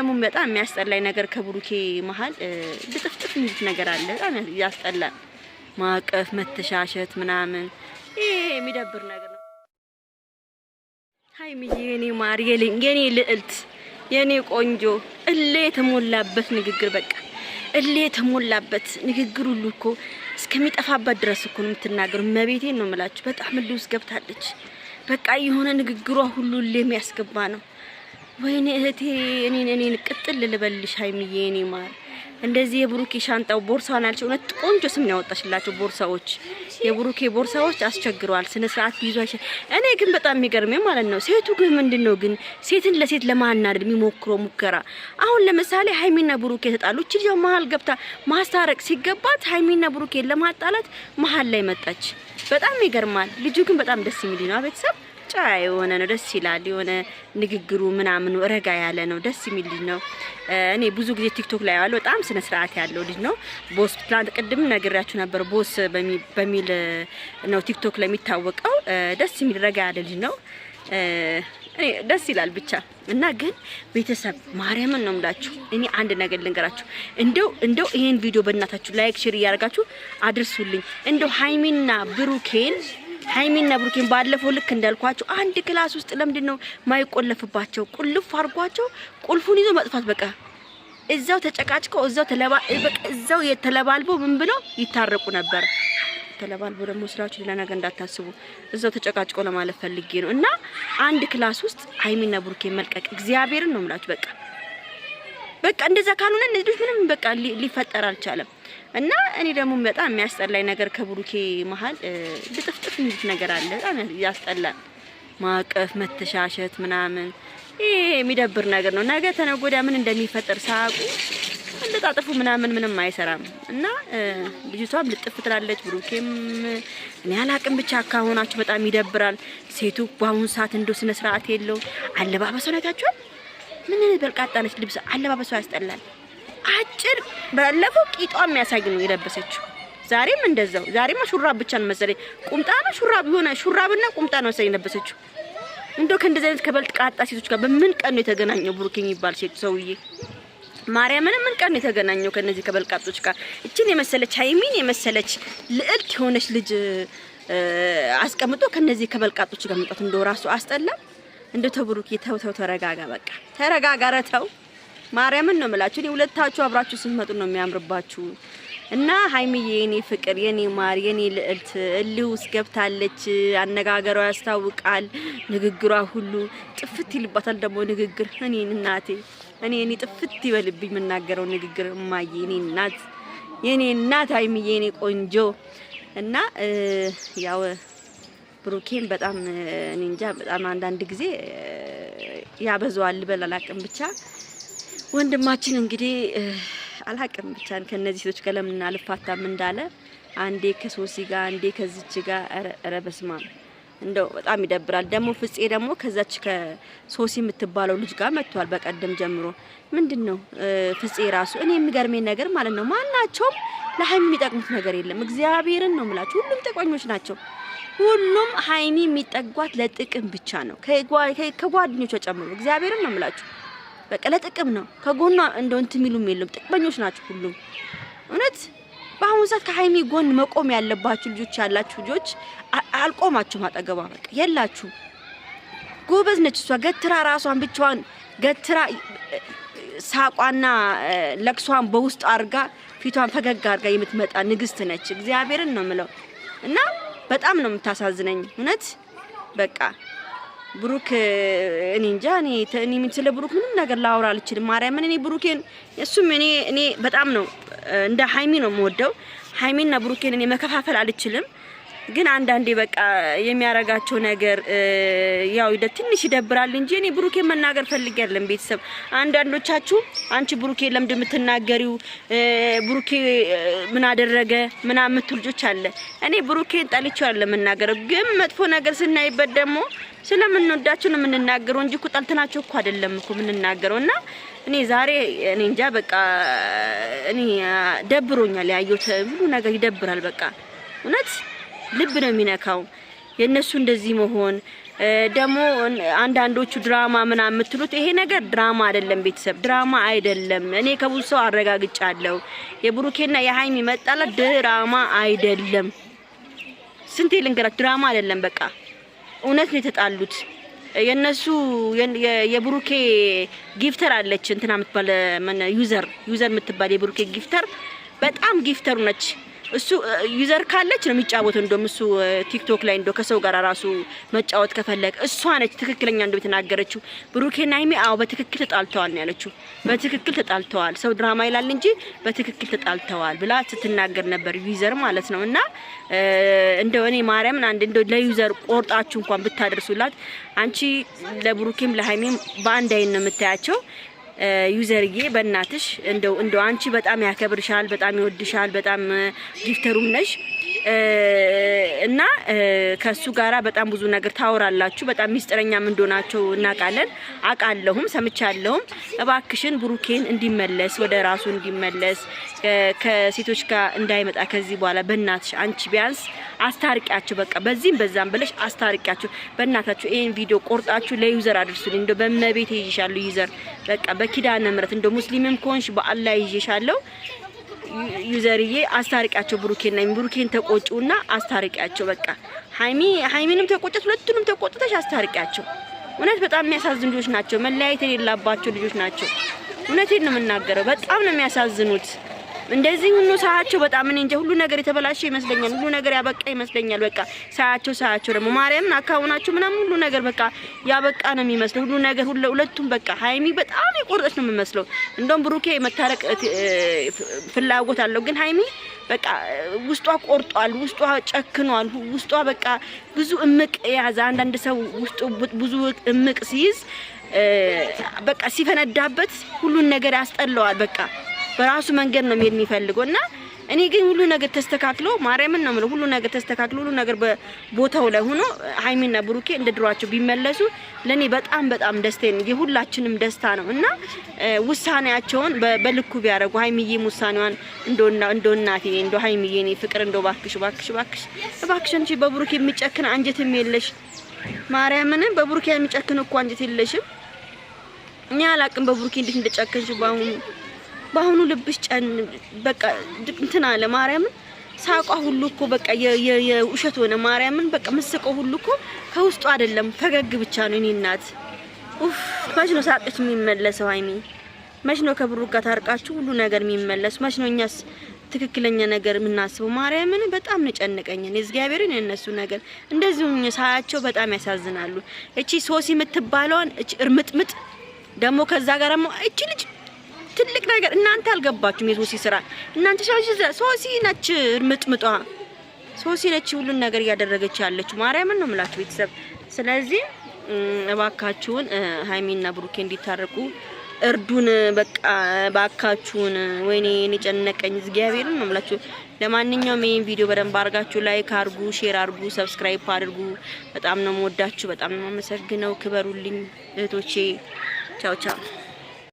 ደግሞ በጣም የሚያስጠላኝ ነገር ከብሩኬ መሀል ብጥፍጥፍ የሚሉት ነገር አለ። በጣም ያስጠላል። ማቀፍ፣ መተሻሸት ምናምን ይሄ የሚደብር ነገር ነው። ሀይሚዬ የኔ ማር የኔ ልዕልት የኔ ቆንጆ እሌ የተሞላበት ንግግር በቃ እሌ የተሞላበት ንግግር ሁሉ እኮ እስከሚጠፋበት ድረስ እኮ ነው የምትናገሩ። መቤቴን ነው የምላችሁ። በጣም ልውስ ገብታለች። በቃ የሆነ ንግግሯ ሁሉ እሌ የሚያስገባ ነው። ወይኔ እህቴ እኔን እኔን ቅጥል ልበልሽ ሀይሚዬ እኔ ማር እንደዚህ የብሩኬ ሻንጣው ቦርሳዋን አልች። እውነት ቆንጆ ስም ነው ያወጣሽላቸው ቦርሳዎች። የብሩኬ ቦርሳዎች አስቸግረዋል። ስነ ስርዓት ቢይዙ አይችል። እኔ ግን በጣም የሚገርመኝ ማለት ነው ሴቱ ግን ምንድን ነው ግን ሴትን ለሴት ለማናደድ የሚሞክረው ሙከራ። አሁን ለምሳሌ ሀይሚና ብሩኬ ተጣሉ። እቺ ልጅ መሀል ገብታ ማስታረቅ ሲገባት ሀይሚና ብሩኬ ለማጣላት መሀል ላይ መጣች። በጣም ይገርማል። ልጁ ግን በጣም ደስ የሚል ነው ቤተሰብ ጫ የሆነ ነው፣ ደስ ይላል። የሆነ ንግግሩ ምናምኑ ረጋ ያለ ነው፣ ደስ የሚል ልጅ ነው። እኔ ብዙ ጊዜ ቲክቶክ ላይ ያለው በጣም ስነ ስርዓት ያለው ልጅ ነው። ቦስ ትላንት ቅድም ነግሬያችሁ ነበር። ቦስ በሚል ነው ቲክቶክ ላይ የሚታወቀው። ደስ የሚል ረጋ ያለ ልጅ ነው። ደስ ይላል ብቻ እና ግን ቤተሰብ ማርያምን ነው የምላችሁ። እኔ አንድ ነገር ልንገራችሁ፣ እንደው እንደው ይሄን ቪዲዮ በእናታችሁ ላይክ ሼር እያደረጋችሁ አድርሱልኝ። እንደው ሀይሚና ብሩኬን ሀይሚና ብሩኬን ባለፈው ልክ እንዳልኳቸው አንድ ክላስ ውስጥ ለምንድን ነው ማይቆለፍባቸው? ቁልፍ አድርጓቸው ቁልፉን ይዞ መጥፋት በቃ እዛው ተጨቃጭቀው እዛው ተለባ እዛው የተለባልቦ ምን ብለው ይታረቁ ነበር። ተለባልቦ ደግሞ ስራችሁ ሌላ ነገር እንዳታስቡ፣ እዛው ተጨቃጭቀው ለማለፍ ፈልጌ ነው። እና አንድ ክላስ ውስጥ ሀይሚና ብሩኬን መልቀቅ እግዚአብሔርን ነው የምላችሁ በቃ በቃ እንደዛ ካልሆነ እነዚህ ልጆች ምንም በቃ ሊፈጠር አልቻለም። እና እኔ ደግሞ በጣም የሚያስጠላኝ ነገር ከብሩኬ መሀል ብጥፍጥፍ እንዲት ነገር አለ። በጣም ያስጠላል። ማቀፍ፣ መተሻሸት ምናምን ይሄ የሚደብር ነገር ነው። ነገ ተነጎዳ ምን እንደሚፈጠር ሳቁ እንደጣጥፉ ምናምን ምንም አይሰራም። እና ልጅቷም ልጥፍ ትላለች፣ ብሩኬም እኔ አላቅም። ብቻ ካሆናችሁ በጣም ይደብራል። ሴቱ በአሁኑ ሰዓት እንደ ስነ ስርዓት የለው አለባበስ ሆነታችኋል ምን በልቃጣ ነች። ልብስ አለባበሷ ያስጠላል። አጭር ባለፈው ቂጧ የሚያሳይ ነው የለበሰችው። ዛሬም እንደዛው። ዛሬማ ሹራብ ብቻ ነው መሰለኝ፣ ቁምጣ ነው ሹራብ፣ የሆነ ሹራብና ቁምጣ ነው መሰለኝ የለበሰችው። እንደው ከእንደዚህ አይነት ቃጣ ሴቶች ጋር በምን ቀን ነው የተገናኘው? ብሩክ የሚባል ሴት ሰውዬ ማርያምን ምን ቀን ነው የተገናኘው ከነዚህ ከበልቃጦች ጋር? እችን የመሰለች ሀይሚን የመሰለች ልዕልት የሆነች ልጅ አስቀምጦ ከነዚህ ከበልቃጦች ጋር መጣት እንደው ራሱ አስጠላ። እንደ ተብሩክ ተው ተው ተረጋጋ፣ በቃ ተረጋጋ። ኧረ ተው ማርያምን ነው የምላችሁ። እኔ ሁለታችሁ አብራችሁ ስትመጡ ነው የሚያምርባችሁ። እና ሀይሚዬ የኔ ፍቅር፣ የኔ ማር፣ የኔ ልዕልት እልህ ውስጥ ገብታለች። አነጋገሯ ያስታውቃል። ንግግሯ ሁሉ ጥፍት ይልባታል። ደግሞ ንግግር እኔን እናቴ እኔ እኔ ጥፍት ይበልብኝ የምናገረው ንግግር እማዬ፣ የኔ እናት፣ እኔ እናት ሀይሚዬ፣ የኔ ቆንጆ እና ያው ብሩኬን በጣም እኔ እንጃ በጣም አንዳንድ ጊዜ ያበዛዋል ልበል አላቅም። ብቻ ወንድማችን እንግዲህ አላቅም ብቻ ከነዚህ ሴቶች ጋር ለምን አልፋታም እንዳለ አንዴ ከሶሲ ጋር አንዴ ከዚች ጋር ረበስማ እንደው በጣም ይደብራል። ደግሞ ፍፄ ደግሞ ከዛች ከሶሲ የምትባለው ልጅ ጋር መጥቷል በቀደም ጀምሮ። ምንድን ነው ፍፄ ራሱ እኔ የሚገርመኝ ነገር ማለት ነው ማናቸውም ለሀይሚ የሚጠቅሙት ነገር የለም። እግዚአብሔርን ነው የምላችሁ፣ ሁሉም ጠቋኞች ናቸው። ሁሉም ሀይሚ የሚጠጓት ለጥቅም ብቻ ነው፣ ከጓደኞቿ ጨምሮ። እግዚአብሔርን ነው የምላችሁ። በቃ ለጥቅም ነው። ከጎኗ እንደው እንትን የሚሉም የለም። ጥቅመኞች ናቸው ሁሉም። እውነት በአሁኑ ሰዓት ከሀይሚ ጎን መቆም ያለባችሁ ልጆች ያላችሁ ልጆች አልቆማችሁም። አጠገቧ በቃ የላችሁ። ጎበዝ ነች እሷ። ገትራ ራሷን ብቻዋን ገትራ ሳቋና ለቅሷን በውስጥ አድርጋ ፊቷን ፈገግ አድርጋ የምትመጣ ንግስት ነች። እግዚአብሔርን ነው የምለው እና በጣም ነው የምታሳዝነኝ። እውነት በቃ ብሩክ እኔ እንጃ እኔ ስለ ብሩክ ምንም ነገር ላውራ አልችልም። ማርያምን እኔ ብሩኬን እሱም እኔ እኔ በጣም ነው እንደ ሀይሚ ነው የምወደው ሀይሚና ብሩኬን እኔ መከፋፈል አልችልም። ግን አንዳንዴ በቃ የሚያረጋቸው ነገር ያው ትንሽ ይደብራል እንጂ እኔ ብሩኬ መናገር ፈልጋለን። ቤተሰብ አንዳንዶቻችሁ አንቺ ብሩኬ ለምድ የምትናገሪው ብሩኬ ምን አደረገ ምናምን የምትሉ ልጆች አለ። እኔ ብሩኬን ጠልቼው ያለ የምናገረው ግን መጥፎ ነገር ስናይበት ደግሞ ስለምንወዳችሁ ነው የምንናገረው እንጂ እኮ እኮ አይደለም እኮ የምንናገረው እና እኔ ዛሬ እኔ እንጃ በቃ እኔ ደብሮኛል። ያየሁት ሁሉ ነገር ይደብራል በቃ እውነት ልብ ነው የሚነካው የእነሱ እንደዚህ መሆን። ደግሞ አንዳንዶቹ ድራማ ምናምን የምትሉት ይሄ ነገር ድራማ አይደለም፣ ቤተሰብ ድራማ አይደለም። እኔ ከብዙ ሰው አረጋግጫለሁ። የብሩኬና የሀይሚ መጣላት ድራማ አይደለም። ስንቴ ልንገራት፣ ድራማ አይደለም። በቃ እውነት ነው የተጣሉት። የነሱ የብሩኬ ጊፍተር አለች እንትና የምትባል ዩዘር ዩዘር የምትባል የብሩኬ ጊፍተር በጣም ጊፍተሩ ነች። እሱ ዩዘር ካለች ነው የሚጫወተው። እንደውም እሱ ቲክቶክ ላይ እንደው ከሰው ጋር ራሱ መጫወት ከፈለገ እሷ ነች ትክክለኛ እንደው የተናገረችው። ብሩኬና ሀይሚ አዎ በትክክል ተጣልተዋል ነው ያለችው። በትክክል ተጣልተዋል፣ ሰው ድራማ ይላል እንጂ በትክክል ተጣልተዋል ብላ ስትናገር ነበር ዩዘር ማለት ነው። እና እንደው እኔ ማርያምን አንድ እንደው ለዩዘር ቆርጣችሁ እንኳን ብታደርሱላት፣ አንቺ ለብሩኬም ለሀይሚም በአንድ አይን ነው የምታያቸው። ዩዘርዬ በእናትሽ እንደው እንደው አንቺ በጣም ያከብርሻል፣ በጣም ይወድሻል፣ በጣም ጊፍተሩም ነሽ። እና ከሱ ጋራ በጣም ብዙ ነገር ታወራላችሁ። በጣም ሚስጥረኛም እንደሆናቸው እናውቃለን። አውቃለሁም ሰምቻለሁም። እባክሽን ብሩኬን እንዲመለስ ወደ ራሱ እንዲመለስ ከሴቶች ጋር እንዳይመጣ ከዚህ በኋላ በእናትሽ አንቺ ቢያንስ አስታርቂያቸው። በቃ በዚህም በዛም ብለሽ አስታርቂያቸው። በእናታችሁ ይህን ቪዲዮ ቆርጣችሁ ለዩዘር አድርሱልኝ። እንደ በመቤት ይዤሻለሁ። ዩዘር በቃ በኪዳነ ምሕረት እንደ ሙስሊምም ከሆንሽ በአላህ ይዤሻለሁ። ዩዘርዬ አስታርቂያቸው ብሩኬን ና ብሩኬን ተቆጩና አስታርቂያቸው። በቃ ሀይሚ ሀይሚንም ተቆጨት፣ ሁለቱንም ተቆጭተሽ አስታርቂያቸው። እውነት በጣም የሚያሳዝኑ ልጆች ናቸው። መለያየት የሌላባቸው ልጆች ናቸው። እውነቴን ነው የምናገረው። በጣም ነው የሚያሳዝኑት። እንደዚህ ሁሉ ሳያቸው በጣም እኔ እንጃ ሁሉ ነገር የተበላሸ ይመስለኛል። ሁሉ ነገር ያበቃ ይመስለኛል። በቃ ሳያቸው ሳያቸው ደግሞ ማርያምን አካውናቸው ምናምን ሁሉ ነገር በቃ ያበቃ ነው የሚመስለው። ሁሉ ነገር ሁለቱም በቃ ሀይሚ በጣም የቆረጠች ነው የምመስለው። እንደውም ብሩኬ መታረቅ ፍላጎት አለው፣ ግን ሀይሚ በቃ ውስጧ ቆርጧል፣ ውስጧ ጨክኗል፣ ውስጧ በቃ ብዙ እምቅ የያዘ አንዳንድ ሰው ውስጡ ብዙ እምቅ ሲይዝ በቃ ሲፈነዳበት ሁሉን ነገር ያስጠላዋል በቃ በራሱ መንገድ ነው የሚሄድ የሚፈልገው እና እኔ ግን ሁሉ ነገር ተስተካክሎ ማርያምን ነው ሁሉ ነገር ተስተካክሎ ሁሉ ነገር በቦታው ላይ ሆኖ ሀይሚና ብሩኬ እንደ ድሯቸው ቢመለሱ ለኔ በጣም በጣም ደስታ ነው፣ የሁላችንም ደስታ ነው እና ውሳኔያቸውን በልኩ ቢያደርጉ ሀይሚዬም ውሳኔዋን እንደና እንደናቴ እንደ ሀይሚዬ እኔ ፍቅር እንደው ባክሽ ባክሽ ባክሽ ባክሽ እንጂ በብሩኬ የሚጨክን አንጀትም የለሽ ማርያምን በብሩኬ የሚጨክን እኮ አንጀት የለሽም። እኔ አላቅም በብሩኬ እንዴት እንደጨከንሽ ባሁን በአሁኑ ልብሽ ጨን በቃ እንትን አለ ማርያምን ሳቋ ሁሉ እኮ በቃ የውሸት ሆነ። ማርያምን በቃ መስቀው ሁሉ እኮ ከውስጡ አይደለም ፈገግ ብቻ ነው። እኔ እናት ኡፍ፣ መች ነው ሳቅሽ የሚመለሰው? ሀይሚ መች ነው ከብሩ ጋር ታርቃችሁ ሁሉ ነገር የሚመለስ? መች ነው እኛስ ትክክለኛ ነገር የምናስበው? ማርያምን በጣም ነው ጨንቀኝ። እግዚአብሔርን የነሱ ነገር እንደዚሁ ሳያቸው በጣም ያሳዝናሉ። እቺ ሶሲ የምትባለውን እቺ እርምጥምጥ ደግሞ ከዛ ጋር ደግሞ እቺ ልጅ ትልቅ ነገር እናንተ አልገባችሁም። የሶሲ ስራ እናንተ ሻሽ ሶሲ ነች ምጥምጧ ሶሲ ነች ሁሉን ነገር እያደረገች ያለች ማርያምን ነው የምላችሁ ቤተሰብ። ስለዚህ እባካችሁን ሀይሚና ብሩኬ እንዲታረቁ እርዱን። በቃ ባካችሁን። ወይኔ እኔ ጨነቀኝ። እግዚአብሔርን ነው የምላችሁ። ለማንኛውም ይህን ቪዲዮ በደንብ አድርጋችሁ ላይክ አድርጉ፣ ሼር አድርጉ፣ ሰብስክራይብ አድርጉ። በጣም ነው የምወዳችሁ፣ በጣም ነው የማመሰግነው። ክበሩልኝ እህቶቼ። ቻው ቻው።